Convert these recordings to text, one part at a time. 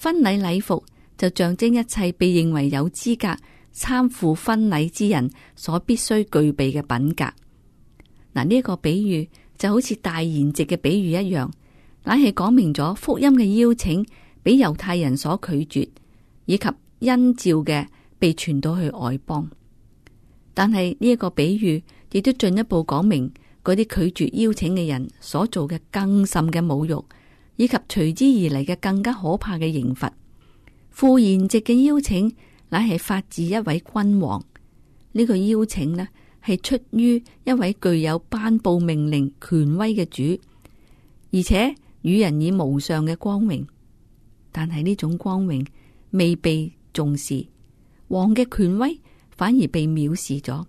婚禮禮服就象徵一切被認為有資格參赴婚禮之人所必須具備嘅品格。嗱，呢一個比喻就好似大筵席嘅比喻一樣，乃係講明咗福音嘅邀請俾猶太人所拒絕，以及因召嘅被傳到去外邦。但係呢一個比喻亦都進一步講明嗰啲拒絕邀請嘅人所做嘅更甚嘅侮辱。以及隨之而嚟嘅更加可怕嘅刑罰。赴筵席嘅邀請乃係發自一位君王，呢個邀請呢係出於一位具有頒布命令權威嘅主，而且與人以無上嘅光榮。但係呢種光榮未被重視，王嘅權威反而被藐視咗。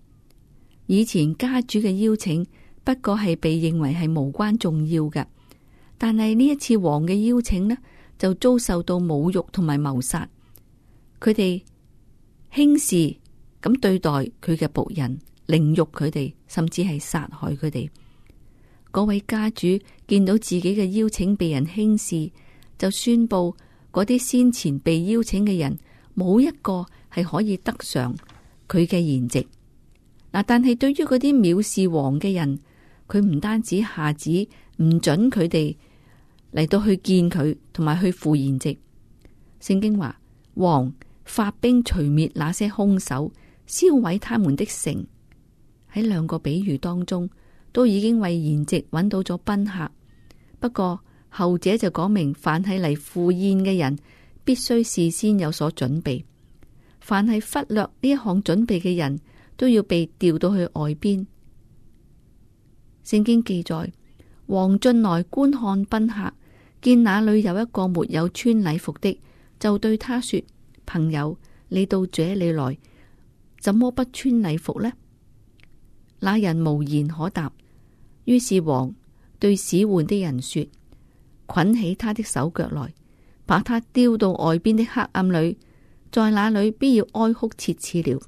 以前家主嘅邀請不過係被認為係無關重要嘅。但係呢一次王嘅邀請呢，就遭受到侮辱同埋謀殺，佢哋輕視咁對待佢嘅僕人，凌辱佢哋，甚至係殺害佢哋。嗰位家主見到自己嘅邀請被人輕視，就宣布嗰啲先前被邀請嘅人冇一個係可以得嘗佢嘅筵席。嗱，但係對於嗰啲藐視王嘅人，佢唔單止下旨唔准佢哋。嚟到去見佢，同埋去赴宴席。聖經話，王發兵除滅那些凶手，燒毀他們的城。喺兩個比喻當中，都已經為宴席揾到咗賓客。不過後者就講明，凡係嚟赴宴嘅人，必須事先有所準備。凡係忽略呢一項準備嘅人，都要被調到去外邊。聖經記載，王進來觀看賓客。見那裏有一個沒有穿禮服的，就對他說：朋友，你到這裏來，怎麼不穿禮服呢？那人無言可答。於是王對使喚的人說：捆起他的手腳來，把他丟到外邊的黑暗裏，在那裏必要哀哭切齒了。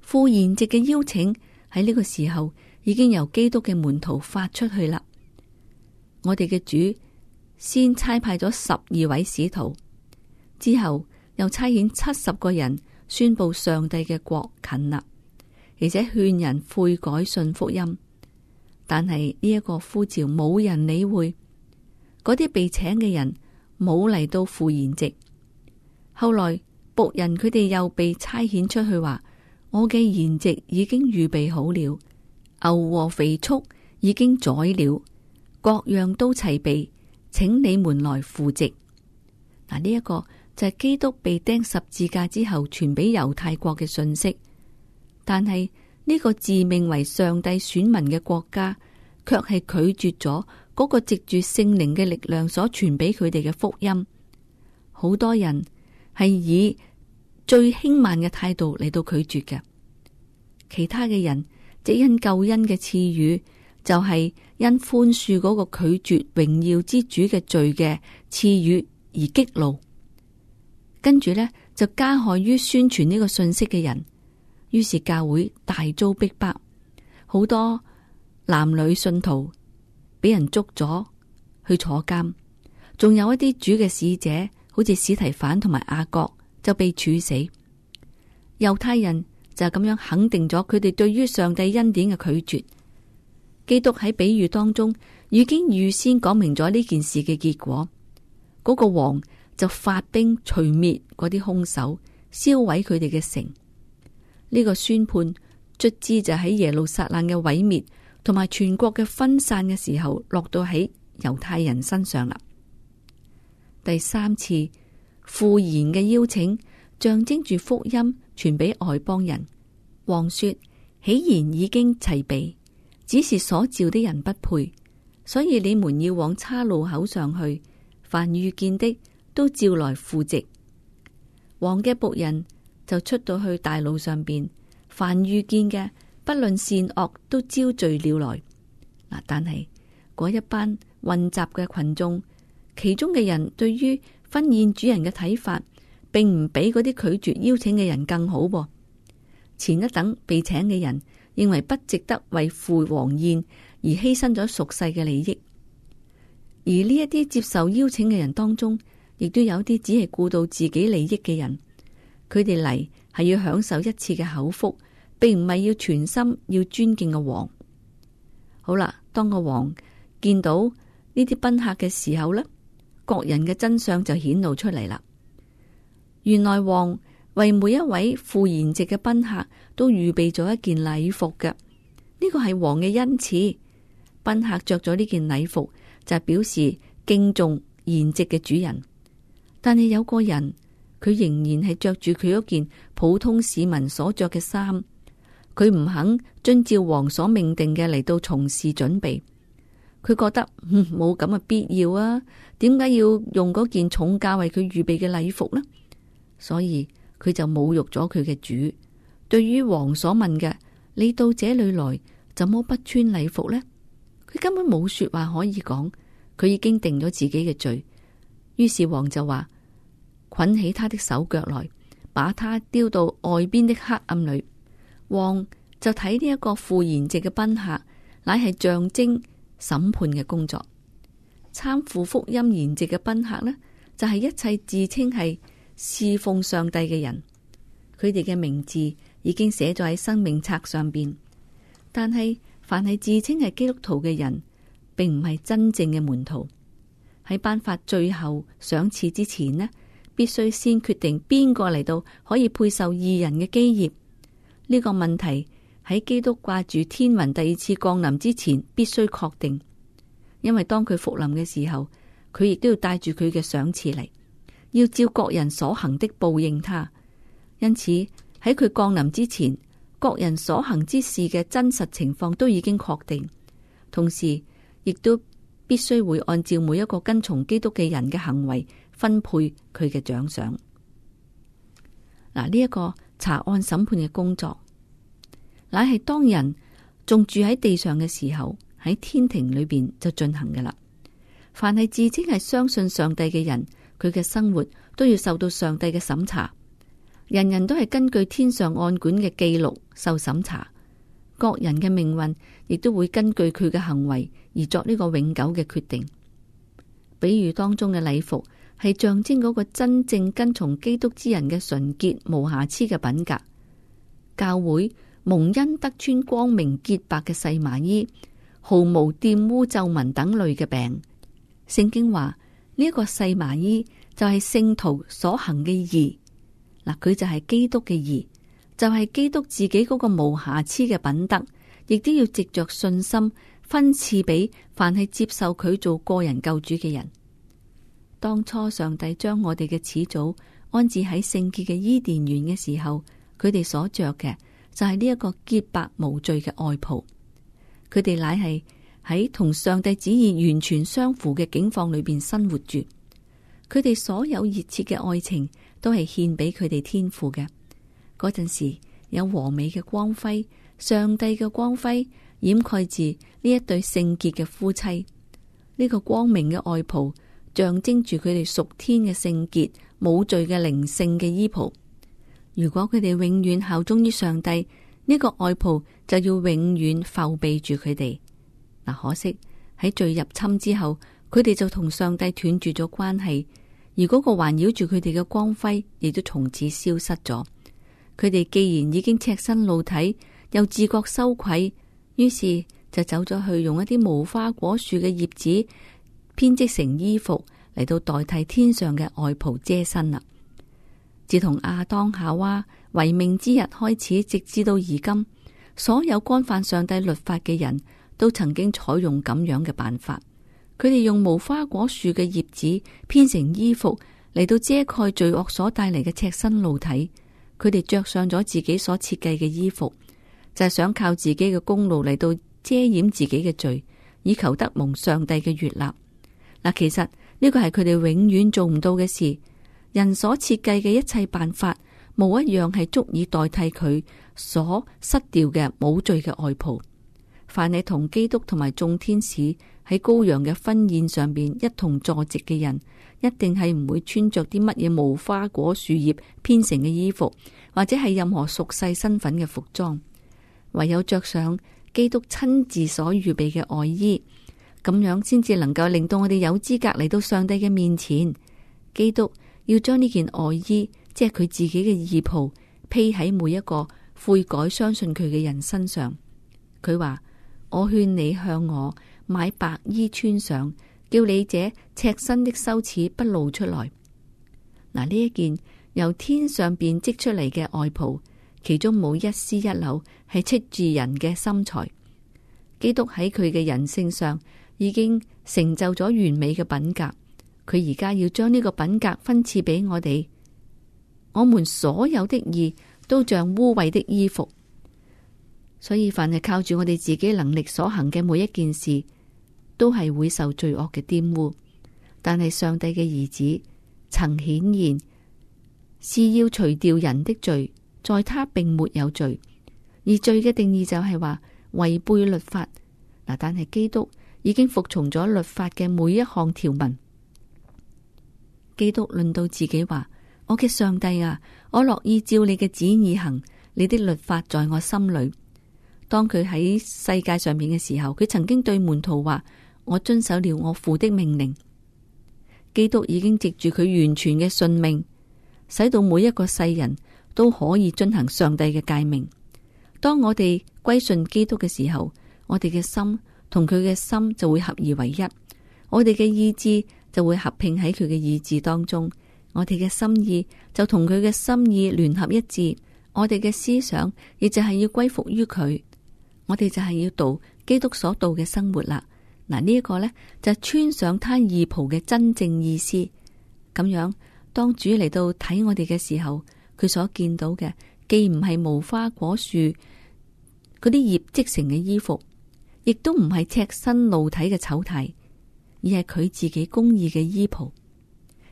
赴筵席嘅邀請喺呢個時候已經由基督嘅門徒發出去啦。我哋嘅主。先差派咗十二位使徒，之後又差遣七十個人宣布上帝嘅國近啦，而且勸人悔改信福音。但係呢一個呼召冇人理會，嗰啲被請嘅人冇嚟到赴筵席。後來僕人佢哋又被差遣出去話：我嘅筵席已經預備好了，牛和肥畜已經宰了，各樣都齊備。請你們來負籍，嗱，呢一個就係基督被釘十字架之後傳俾猶太國嘅信息。但係呢、呢個自命為上帝選民嘅國家，卻係拒絕咗嗰個藉住聖靈嘅力量所傳俾佢哋嘅福音。好多人係以最輕慢嘅態度嚟到拒絕嘅。其他嘅人，只因救恩嘅賜予，就係、是。因寬恕嗰個拒絕榮耀之主嘅罪嘅賜予而激怒，跟住呢就加害於宣傳呢個信息嘅人，於是教會大遭逼迫，好多男女信徒俾人捉咗去坐監，仲有一啲主嘅使者，好似史提反同埋雅各就被處死。猶太人就咁樣肯定咗佢哋對於上帝恩典嘅拒絕。基督喺比喻當中已經預先講明咗呢件事嘅結果，嗰個王就發兵除滅嗰啲凶手，銷毀佢哋嘅城。呢個宣判卒之就喺耶路撒冷嘅毀滅同埋全國嘅分散嘅時候，落到喺猶太人身上啦。第三次赴宴嘅邀請象徵住福音傳俾外邦人，王說：喜筵已經齊備。只是所召的人不配，所以你們要往岔路口上去，凡遇見的都召來赴席。王嘅僕人就出到去大路上邊，凡遇見嘅不論善惡都招聚了來。嗱，但係嗰一班混雜嘅群眾，其中嘅人對於婚宴主人嘅睇法，並唔比嗰啲拒絕邀請嘅人更好噃，前一等被請嘅人。認為不值得為父王宴而犧牲咗俗世嘅利益，而呢一啲接受邀請嘅人當中，亦都有啲只係顧到自己利益嘅人，佢哋嚟係要享受一次嘅口福，並唔係要全心要尊敬個王。好啦，當個王見到呢啲賓客嘅時候呢，各人嘅真相就顯露出嚟啦。原來王。為每一位赴筵席嘅賓客都預備咗一件禮服嘅，呢個係王嘅恩賜。賓客着咗呢件禮服就表示敬重筵席嘅主人。但係有個人佢仍然係着住佢嗰件普通市民所着嘅衫，佢唔肯遵照王所命定嘅，嚟到從事準備。佢覺得嗯，冇咁嘅必要啊，點解要用嗰件重價為佢預備嘅禮服呢？所以。佢就侮辱咗佢嘅主。對於王所問嘅，你到這裏來，怎麼不穿禮服呢？佢根本冇說話可以講，佢已經定咗自己嘅罪。於是王就話：捆起他的手腳來，把他丟到外邊的黑暗裏。王就睇呢一個赴筵席嘅賓客，乃係象徵審判嘅工作。參赴福音筵席嘅賓客呢，就係、是、一切自稱係。侍奉上帝嘅人，佢哋嘅名字已經寫咗喺生命冊上邊。但係凡係自稱係基督徒嘅人，並唔係真正嘅門徒。喺頒發最後賞賜之前呢，必須先決定邊個嚟到可以配受二人嘅基業。呢個問題喺基督掛住天雲第二次降臨之前，必須確定，因為當佢復臨嘅時候，佢亦都要帶住佢嘅賞賜嚟。要照各人所行的報應他，因此喺佢降臨之前，各人所行之事嘅真實情況都已經確定，同時亦都必須會按照每一個跟從基督嘅人嘅行為分配佢嘅獎賞。嗱，呢一個查案審判嘅工作，乃係當人仲住喺地上嘅時候，喺天庭裏邊就進行嘅啦。凡係自稱係相信上帝嘅人，佢嘅生活都要受到上帝嘅審查，人人都係根據天上案卷嘅記錄受審查，各人嘅命運亦都會根據佢嘅行為而作呢個永久嘅決定。比喻當中嘅禮服係象徵嗰個真正跟從基督之人嘅純潔無瑕疵嘅品格，教會蒙恩得穿光明潔白嘅細麻衣，毫無玷污皺紋等類嘅病。聖經話。呢一個細麻衣就係、是、聖徒所行嘅義，嗱佢就係基督嘅義，就係、是、基督自己嗰個無瑕疵嘅品德，亦都要藉着信心分賜俾凡係接受佢做個人救主嘅人。當初上帝將我哋嘅始祖安置喺聖潔嘅伊甸園嘅時候，佢哋所着嘅就係呢一個潔白無罪嘅外袍，佢哋乃係。喺同上帝旨意完全相符嘅境況裏邊生活住，佢哋所有熱切嘅愛情都係獻俾佢哋天父嘅。嗰陣時有和美嘅光輝，上帝嘅光輝掩蓋住呢一對聖潔嘅夫妻。呢、這個光明嘅外袍象徵住佢哋屬天嘅聖潔、冇罪嘅靈性嘅衣袍。如果佢哋永遠效忠於上帝，呢、這個外袍就要永遠覆庇住佢哋。嗱，可惜喺罪入侵之後，佢哋就同上帝斷絕咗關係，而嗰個環繞住佢哋嘅光輝亦都從此消失咗。佢哋既然已經赤身露體，又自覺羞愧，於是就走咗去用一啲無花果樹嘅葉子編織成衣服嚟到代替天上嘅外袍遮身啦。自從亞當夏娃違命之日開始，直至到而今，所有干犯上帝律法嘅人，都曾經採用咁樣嘅辦法，佢哋用無花果樹嘅葉子編成衣服嚟到遮蓋罪惡所帶嚟嘅赤身露體，佢哋着上咗自己所設計嘅衣服，就係想靠自己嘅功勞嚟到遮掩自己嘅罪，以求得蒙上帝嘅悅納。嗱，其實呢個係佢哋永遠做唔到嘅事，人所設計嘅一切辦法，無一樣係足以代替佢所失掉嘅冇罪嘅外袍。凡係同基督同埋眾天使喺羔羊嘅婚宴上邊一同坐席嘅人，一定係唔會穿着啲乜嘢無花果樹葉編成嘅衣服，或者係任何屬世身份嘅服裝，唯有着上基督親自所預備嘅外衣，咁樣先至能夠令到我哋有資格嚟到上帝嘅面前。基督要將呢件外衣，即係佢自己嘅義袍，披喺每一個悔改相信佢嘅人身上。佢話。我勸你向我買白衣穿上，叫你這赤身的羞恥不露出來。嗱，呢一件由天上邊織出嚟嘅外袍，其中冇一絲一縷係出自人嘅心裁。基督喺佢嘅人性上已經成就咗完美嘅品格，佢而家要將呢個品格分賜俾我哋。我們所有的義都像污穢的衣服。所以，凡係靠住我哋自己能力所行嘅每一件事，都係會受罪惡嘅玷污。但係上帝嘅兒子曾顯然是要除掉人的罪，在他並沒有罪。而罪嘅定義就係話違背律法嗱，但係基督已經服從咗律法嘅每一項條文。基督論到自己話：我嘅上帝啊，我樂意照你嘅旨意行，你的律法在我心裏。當佢喺世界上面嘅時候，佢曾經對門徒話：我遵守了我父的命令。基督已經藉住佢完全嘅信命，使到每一個世人都可以進行上帝嘅誡命。當我哋歸信基督嘅時候，我哋嘅心同佢嘅心就會合二為一，我哋嘅意志就會合併喺佢嘅意志當中，我哋嘅心意就同佢嘅心意聯合一致，我哋嘅思想亦就係要歸服於佢。我哋就係要度基督所度嘅生活啦。嗱、這個，呢一個咧就是、穿上他衣袍嘅真正意思咁樣。當主嚟到睇我哋嘅時候，佢所見到嘅既唔係無花果樹嗰啲葉織成嘅衣服，亦都唔係赤身露體嘅醜態，而係佢自己公義嘅衣袍，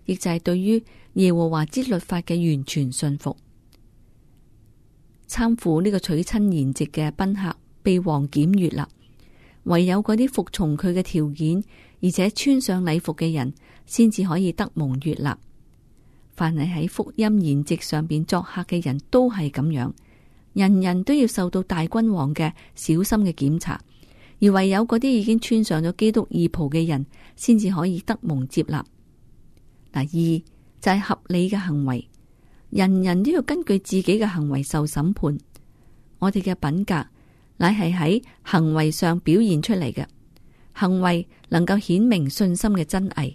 亦就係對於耶和華之律法嘅完全信服，參乎呢個娶親筵席嘅賓客。被王檢閱立，唯有嗰啲服從佢嘅條件，而且穿上禮服嘅人，先至可以得蒙悅納。凡係喺福音筵席上邊作客嘅人都係咁樣，人人都要受到大君王嘅小心嘅檢查，而唯有嗰啲已經穿上咗基督義袍嘅人，先至可以得蒙接納。嗱，二就係、是、合理嘅行為，人人都要根據自己嘅行為受審判。我哋嘅品格，乃係喺行為上表現出嚟嘅行為，能夠顯明信心嘅真偽。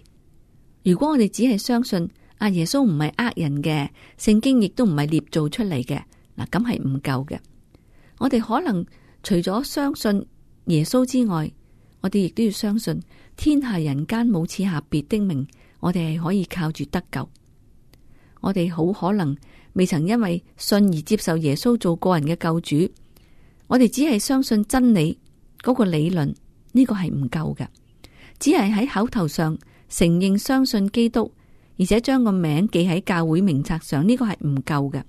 如果我哋只係相信阿耶穌唔係呃人嘅，聖經亦都唔係捏造出嚟嘅，嗱咁係唔夠嘅。我哋可能除咗相信耶穌之外，我哋亦都要相信天下人間冇賜下別的名，我哋係可以靠住得救。我哋好可能未曾因為信而接受耶穌做個人嘅救主。我哋只係相信真理嗰個理論，呢個係唔夠嘅。只係喺口頭上承認相信基督，而且將個名記喺教會名冊上，呢個係唔夠嘅。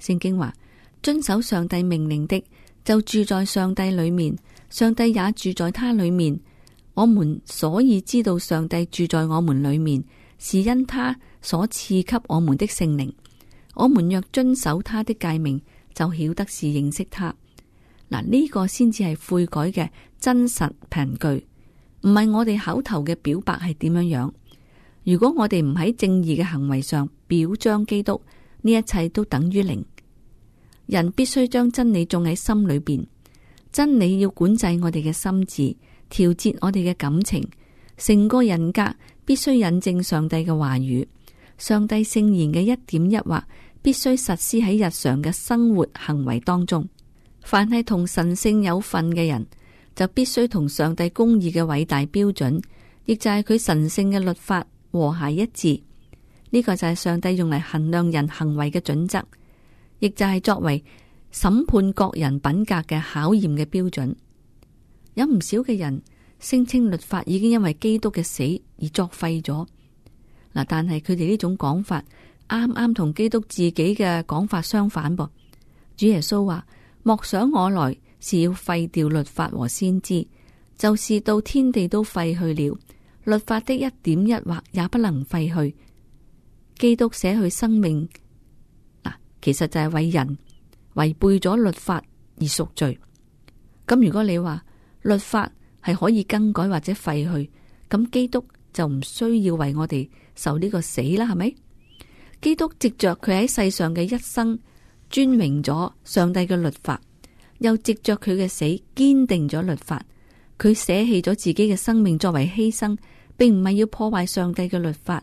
聖經話：遵守上帝命令的就住在上帝裏面，上帝也住在他裏面。我們所以知道上帝住在我們裏面，是因他所賜給我們的聖靈。我們若遵守他的誡命，就曉得是認識他。嗱，呢個先至係悔改嘅真實憑據，唔係我哋口頭嘅表白係點樣樣。如果我哋唔喺正義嘅行為上表彰基督，呢一切都等於零。人必須將真理種喺心裏邊，真理要管制我哋嘅心智，調節我哋嘅感情，成個人格必須引證上帝嘅話語，上帝聖言嘅一點一畫必須實施喺日常嘅生活行為當中。凡係同神聖有份嘅人，就必須同上帝公義嘅偉大標準，亦就係佢神聖嘅律法和諧一致。呢個就係上帝用嚟衡量人行為嘅準則，亦就係作為審判各人品格嘅考驗嘅標準。有唔少嘅人聲稱律法已經因為基督嘅死而作廢咗嗱，但係佢哋呢種講法啱啱同基督自己嘅講法相反噃。主耶穌話。莫想我來，是要廢掉律法和先知，就是到天地都廢去了，律法的一點一畫也不能廢去。基督捨去生命，嗱，其實就係為人違背咗律法而贖罪。咁如果你話律法係可以更改或者廢去，咁基督就唔需要為我哋受呢個死啦，係咪？基督藉著佢喺世上嘅一生。尊榮咗上帝嘅律法，又藉着佢嘅死堅定咗律法。佢捨棄咗自己嘅生命作為犧牲，並唔係要破壞上帝嘅律法，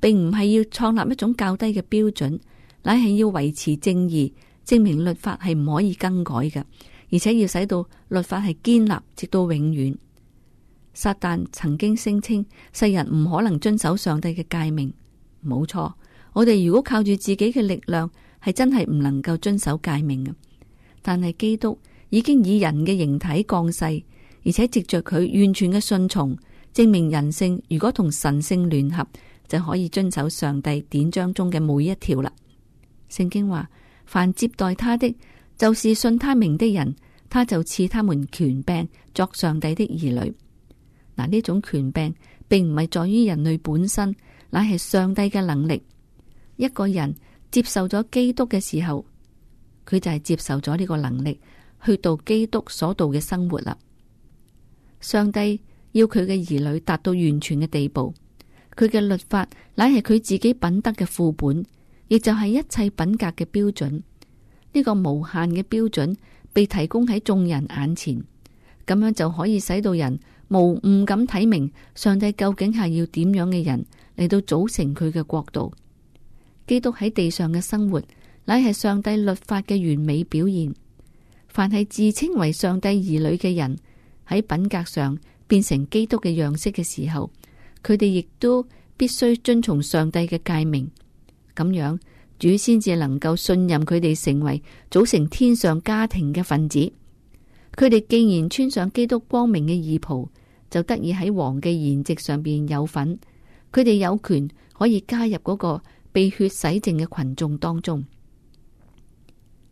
並唔係要創立一種較低嘅標準，乃係要維持正義，證明律法係唔可以更改嘅，而且要使到律法係堅立直到永遠。撒旦曾經聲稱世人唔可能遵守上帝嘅誡命，冇錯。我哋如果靠住自己嘅力量，係真係唔能夠遵守誡命嘅，但係基督已經以人嘅形體降世，而且藉着佢完全嘅信從，證明人性如果同神性聯合，就可以遵守上帝典章中嘅每一條啦。聖經話：凡接待他的，就是信他名的人，他就賜他們權柄作上帝的兒女。嗱，呢種權柄並唔係在於人類本身，乃係上帝嘅能力。一個人。接受咗基督嘅時候，佢就係接受咗呢個能力去到基督所度嘅生活啦。上帝要佢嘅兒女達到完全嘅地步，佢嘅律法乃係佢自己品德嘅副本，亦就係一切品格嘅標準。呢個無限嘅標準被提供喺眾人眼前，咁樣就可以使到人無誤咁睇明上帝究竟係要點樣嘅人嚟到組成佢嘅國度。基督喺地上嘅生活，乃係上帝律法嘅完美表現。凡係自稱為上帝兒女嘅人，喺品格上變成基督嘅樣式嘅時候，佢哋亦都必須遵從上帝嘅誡命。咁樣主先至能夠信任佢哋，成為組成天上家庭嘅分子。佢哋既然穿上基督光明嘅義袍，就得以喺王嘅筵席上邊有份。佢哋有權可以加入嗰個。被血洗淨嘅群眾當中，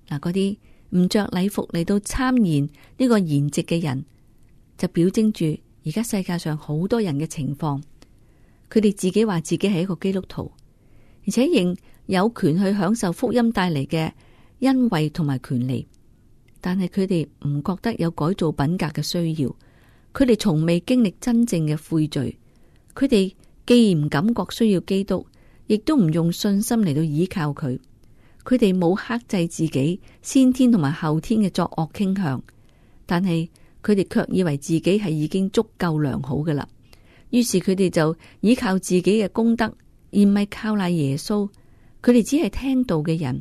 嗱，嗰啲唔着禮服嚟到參言呢個筵席嘅人，就表徵住而家世界上好多人嘅情況。佢哋自己話自己係一個基督徒，而且仍有權去享受福音帶嚟嘅恩惠同埋權利，但係佢哋唔覺得有改造品格嘅需要，佢哋從未經歷真正嘅悔罪，佢哋既唔感覺需要基督。亦都唔用信心嚟到依靠佢，佢哋冇克制自己先天同埋後天嘅作惡傾向，但係佢哋卻以為自己係已經足夠良好嘅啦，於是佢哋就倚靠自己嘅功德，而唔係靠賴耶穌。佢哋只係聽道嘅人，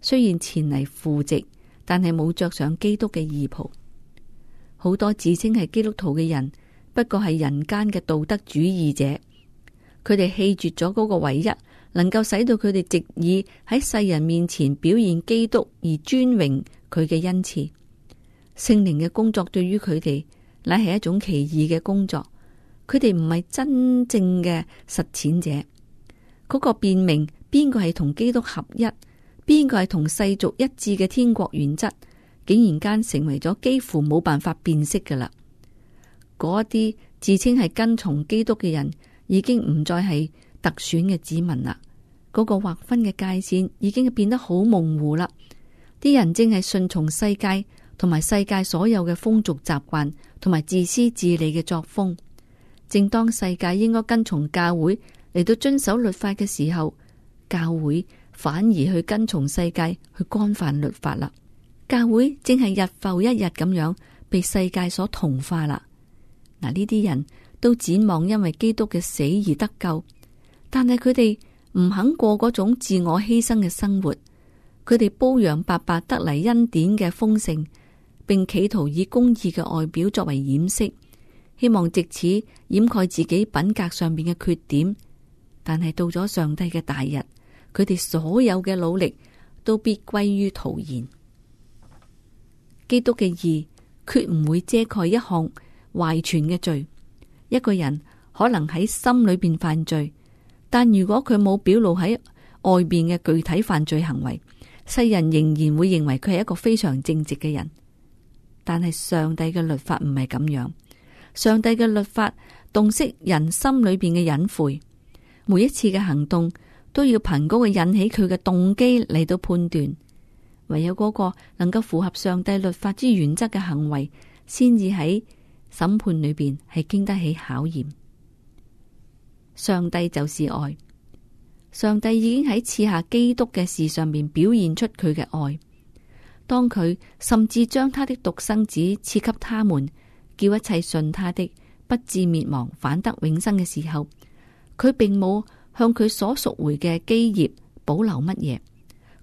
雖然前嚟赴席，但係冇着上基督嘅義袍。好多自稱係基督徒嘅人，不過係人間嘅道德主義者。佢哋棄絕咗嗰個唯一能夠使到佢哋直以喺世人面前表現基督而尊榮佢嘅恩賜。聖靈嘅工作，對於佢哋乃係一種奇異嘅工作。佢哋唔係真正嘅實踐者，嗰、嗰個辨明邊個係同基督合一，邊個係同世俗一致嘅天國原則，竟然間成為咗幾乎冇辦法辨識㗎喇，嗰啲自稱係跟從基督嘅人，已經唔再係特選嘅子民啦，嗰、嗰個劃分嘅界線已經變得好模糊啦。啲人正係順從世界同埋世界所有嘅風俗習慣，同埋自私自利嘅作風。正當世界應該跟從教會嚟到遵守律法嘅時候，教會反而去跟從世界去干犯律法啦。教會正係日浮一日咁樣被世界所同化啦。嗱，呢啲人都指望因為基督嘅死而得救，但係佢哋唔肯過嗰種自我犧牲嘅生活。佢哋褒揚白白得嚟恩典嘅豐盛，並企圖以公義嘅外表作為掩飾，希望借此掩蓋自己品格上面嘅缺點。但係到咗上帝嘅大日，佢哋所有嘅努力都必歸於徒然。基督嘅義決唔會遮蓋一項遺傳嘅罪，一個人可能喺心裏邊犯罪，但如果佢冇表露喺外邊嘅具體犯罪行為，世人仍然會認為佢係一個非常正直嘅人。但係上帝嘅律法唔係咁樣，上帝嘅律法洞悉人心裏邊嘅隱晦，每一次嘅行動都要憑嗰個引起佢嘅動機嚟到判斷，唯有嗰個能夠符合上帝律法之原則嘅行為，先至喺。審判裏邊係經得起考驗，上帝就是愛，上帝已經喺賜下基督嘅事上面表現出佢嘅愛。當佢甚至將他的獨生子賜給他們，叫一切信他的不至滅亡，反得永生嘅時候，佢並冇向佢所贖回嘅基業保留乜嘢，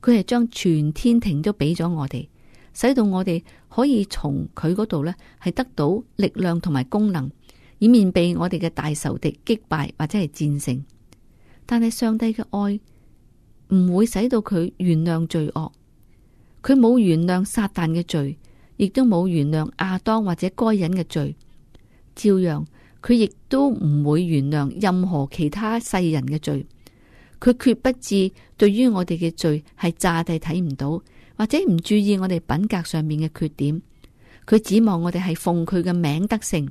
佢係將全天庭都俾咗我哋。使到我哋可以從佢嗰度咧，係得到力量同埋功能，以免被我哋嘅大仇敵擊敗或者係戰勝。但係上帝嘅愛唔會使到佢原諒罪惡，佢冇原諒撒旦嘅罪，亦都冇原諒亞當或者該隱嘅罪，照樣佢亦都唔會原諒任何其他世人嘅罪。佢決不至對於我哋嘅罪係詐諦睇唔到，或者唔注意我哋品格上面嘅缺點，佢指望我哋係奉佢嘅名得勝。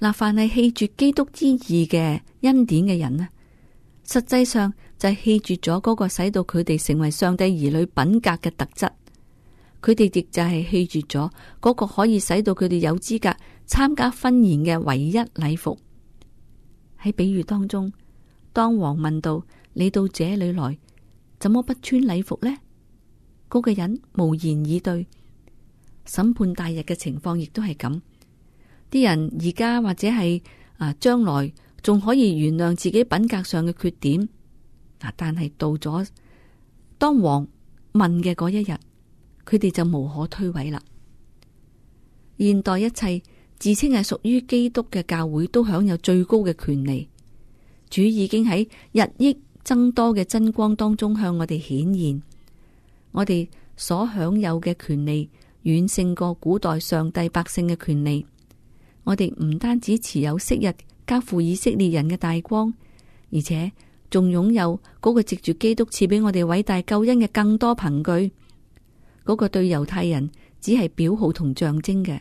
嗱，凡係棄絕基督之意嘅恩典嘅人呢，實際上就係棄絕咗嗰個使到佢哋成為上帝兒女品格嘅特質。佢哋亦就係棄絕咗嗰個可以使到佢哋有資格參加婚宴嘅唯一禮服。喺比喻當中，當王問道：你到這裏來，怎麼不穿禮服呢？嗰個人無言以對，審判大日嘅情況亦都係咁，啲人而家或者係啊將來仲可以原諒自己品格上嘅缺點，但係到咗當王問嘅嗰一日，佢哋就無可推諉啦。現代一切自稱係屬於基督嘅教會都享有最高嘅權利，主已經喺日益增多嘅真光當中向我哋顯現。我哋所享有嘅權利，遠勝過古代上帝百姓嘅權利。我哋唔單止持有昔日交付以色列人嘅大光，而且仲擁有嗰個藉住基督賜俾我哋偉大救恩嘅更多憑據。嗰個對猶太人只係表號同象徵嘅，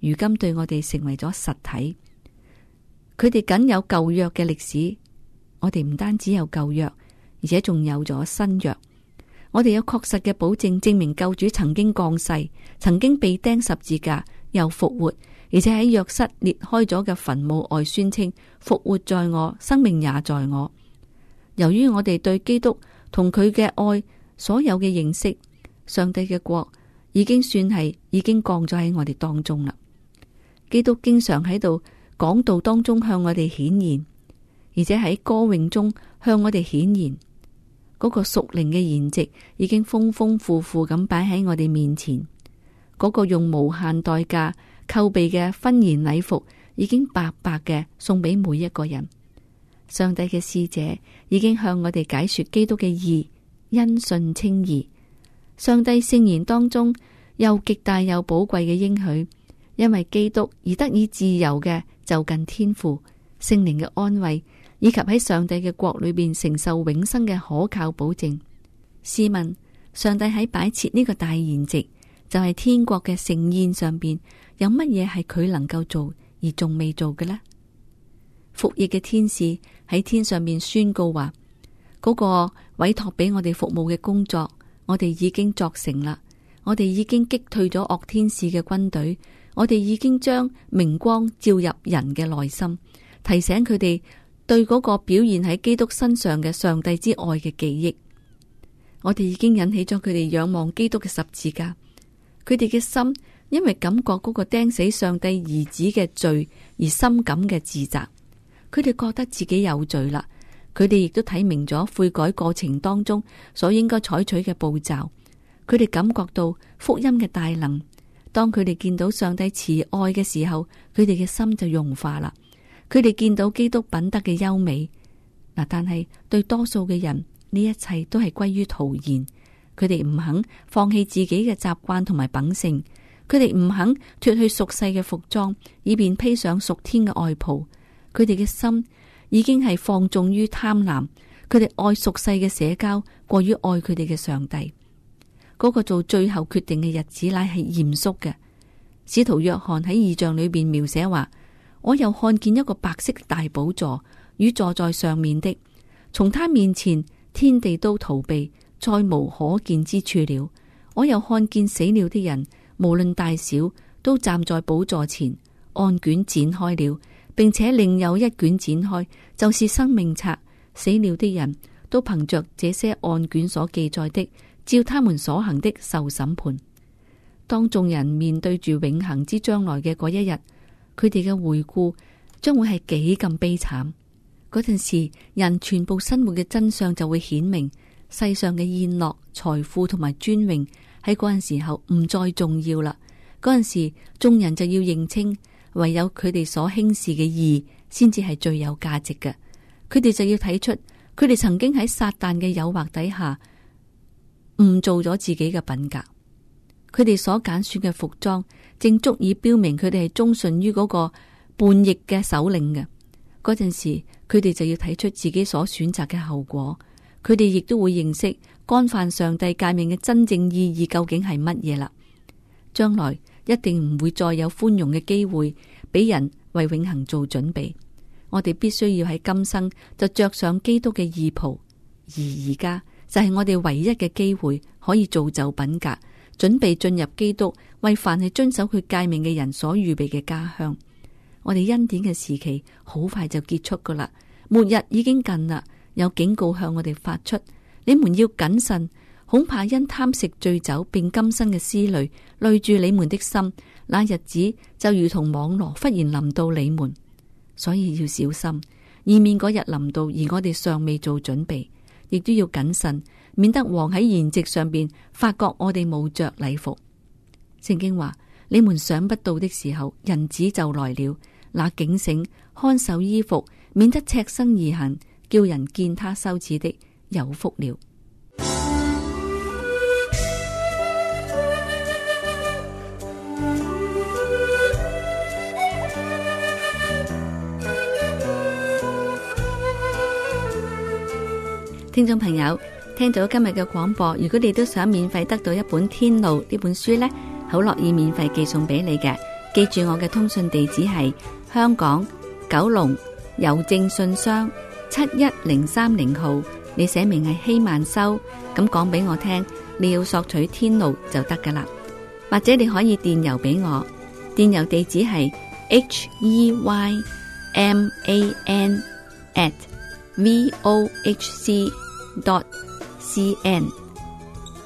如今對我哋成為咗實體。佢哋僅有舊約嘅歷史，我哋唔單止有舊約，而且仲有咗新約。我哋有確實嘅保證，證明救主曾經降世，曾經被釘十字架，又復活，而且喺藥室裂開咗嘅墳墓外宣稱，復活在我，生命也在我。由於我哋對基督同佢嘅愛，所有嘅認識，上帝嘅國已經算係已經降咗喺我哋當中啦。基督經常喺度講道當中向我哋顯現，而且喺歌詠中向我哋顯現。嗰個屬靈嘅筵席，已經豐豐富富咁擺喺我哋面前，嗰、那個用無限代價購備嘅婚宴禮服已經白白嘅送俾每一個人。上帝嘅使者已經向我哋解說基督嘅義，因信稱義。上帝聖言當中又極大又寶貴嘅應許，因為基督而得以自由嘅就近天父聖靈嘅安慰。以及喺上帝嘅國裏邊承受永生嘅可靠保證。試問，上帝喺擺設呢個大筵席，就係天國嘅盛宴上邊，有乜嘢係佢能夠做而仲未做嘅呢？服役嘅天使喺天上面宣告話：嗰個委託俾我哋服務嘅工作，我哋已經作成啦。我哋已經擊退咗惡天使嘅軍隊，我哋已經將明光照入人嘅內心，提醒佢哋。對嗰個表現喺基督身上嘅上帝之愛嘅記憶，我哋已經引起咗佢哋仰望基督嘅十字架。佢哋嘅心因為感覺嗰個釘死上帝兒子嘅罪而深感嘅自責，佢哋覺得自己有罪啦。佢哋亦都睇明咗悔改過程當中所應該採取嘅步驟。佢哋感覺到福音嘅大能。當佢哋見到上帝慈愛嘅時候，佢哋嘅心就融化啦。佢哋見到基督品德嘅優美，嗱，但係對多數嘅人呢，一切都係歸於徒然。佢哋唔肯放棄自己嘅習慣同埋品性，佢哋唔肯脱去屬世嘅服裝，以便披上屬天嘅外袍。佢哋嘅心已經係放縱於貪婪，佢哋愛屬世嘅社交，過於愛佢哋嘅上帝。嗰、那個做最後決定嘅日子乃係嚴肅嘅。使徒約翰喺異象裏邊描寫話。我又看見一個白色大寶座與坐在上面的，從他面前天地都逃避，再無可見之處了。我又看見死了的人，無論大小，都站在寶座前，案卷展開了，並且另有一卷展開，就是生命冊。死了的人都憑着這些案卷所記載的，照他們所行的受審判。當眾人面對住永恆之將來嘅嗰一日。佢哋嘅回顧將會係幾咁悲慘？嗰陣時，人全部生活嘅真相就會顯明，世上嘅宴樂、財富同埋尊榮喺嗰陣時候唔再重要啦。嗰陣時，眾人就要認清，唯有佢哋所輕視嘅義，先至係最有價值嘅。佢哋就要睇出，佢哋曾經喺撒旦嘅誘惑底下，誤做咗自己嘅品格。佢哋所揀選嘅服裝，正足以標明佢哋係忠順於嗰個叛逆嘅首領嘅嗰陣時，佢哋就要睇出自己所選擇嘅後果。佢哋亦都會認識干犯上帝誡命嘅真正意義究竟係乜嘢啦。將來一定唔會再有寬容嘅機會俾人為永恒做準備。我哋必須要喺今生就着上基督嘅義袍，而而家就係、是、我哋唯一嘅機會可以造就品格。準備進入基督為凡係遵守佢誡命嘅人所預備嘅家鄉。我哋恩典嘅時期好快就結束噶啦，末日已經近啦，有警告向我哋發出，你們要謹慎，恐怕因貪食醉酒並今生嘅思慮累住你們的心，那日子就如同網羅忽然臨到你們，所以要小心，以免嗰日臨到而我哋尚未做準備，亦都要謹慎。免得王喺筵席上邊發覺我哋冇着禮服。聖經話：你們想不到的時候，人子就來了。那警醒看守衣服，免得赤身而行，叫人見他羞恥的，有福了。聽眾朋友。聽咗今日嘅廣播，如果你都想免費得到一本《天路》呢本書呢，好樂意免費寄送俾你嘅。記住我嘅通訊地址係香港九龍郵政信箱七一零三零號，你寫明係希曼修，咁講俾我聽，你要索取《天路》就得噶啦。或者你可以電郵俾我，電郵地址係 h e y m a n at v o h c dot。C N，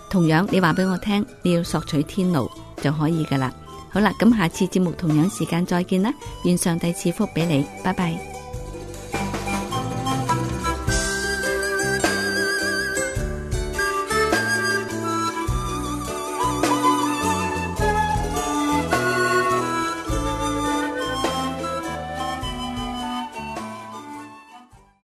同樣你話俾我聽，你要索取天路就可以㗎喇。好啦，咁下次節目同樣時間再見啦。願上帝賜福俾你，拜拜。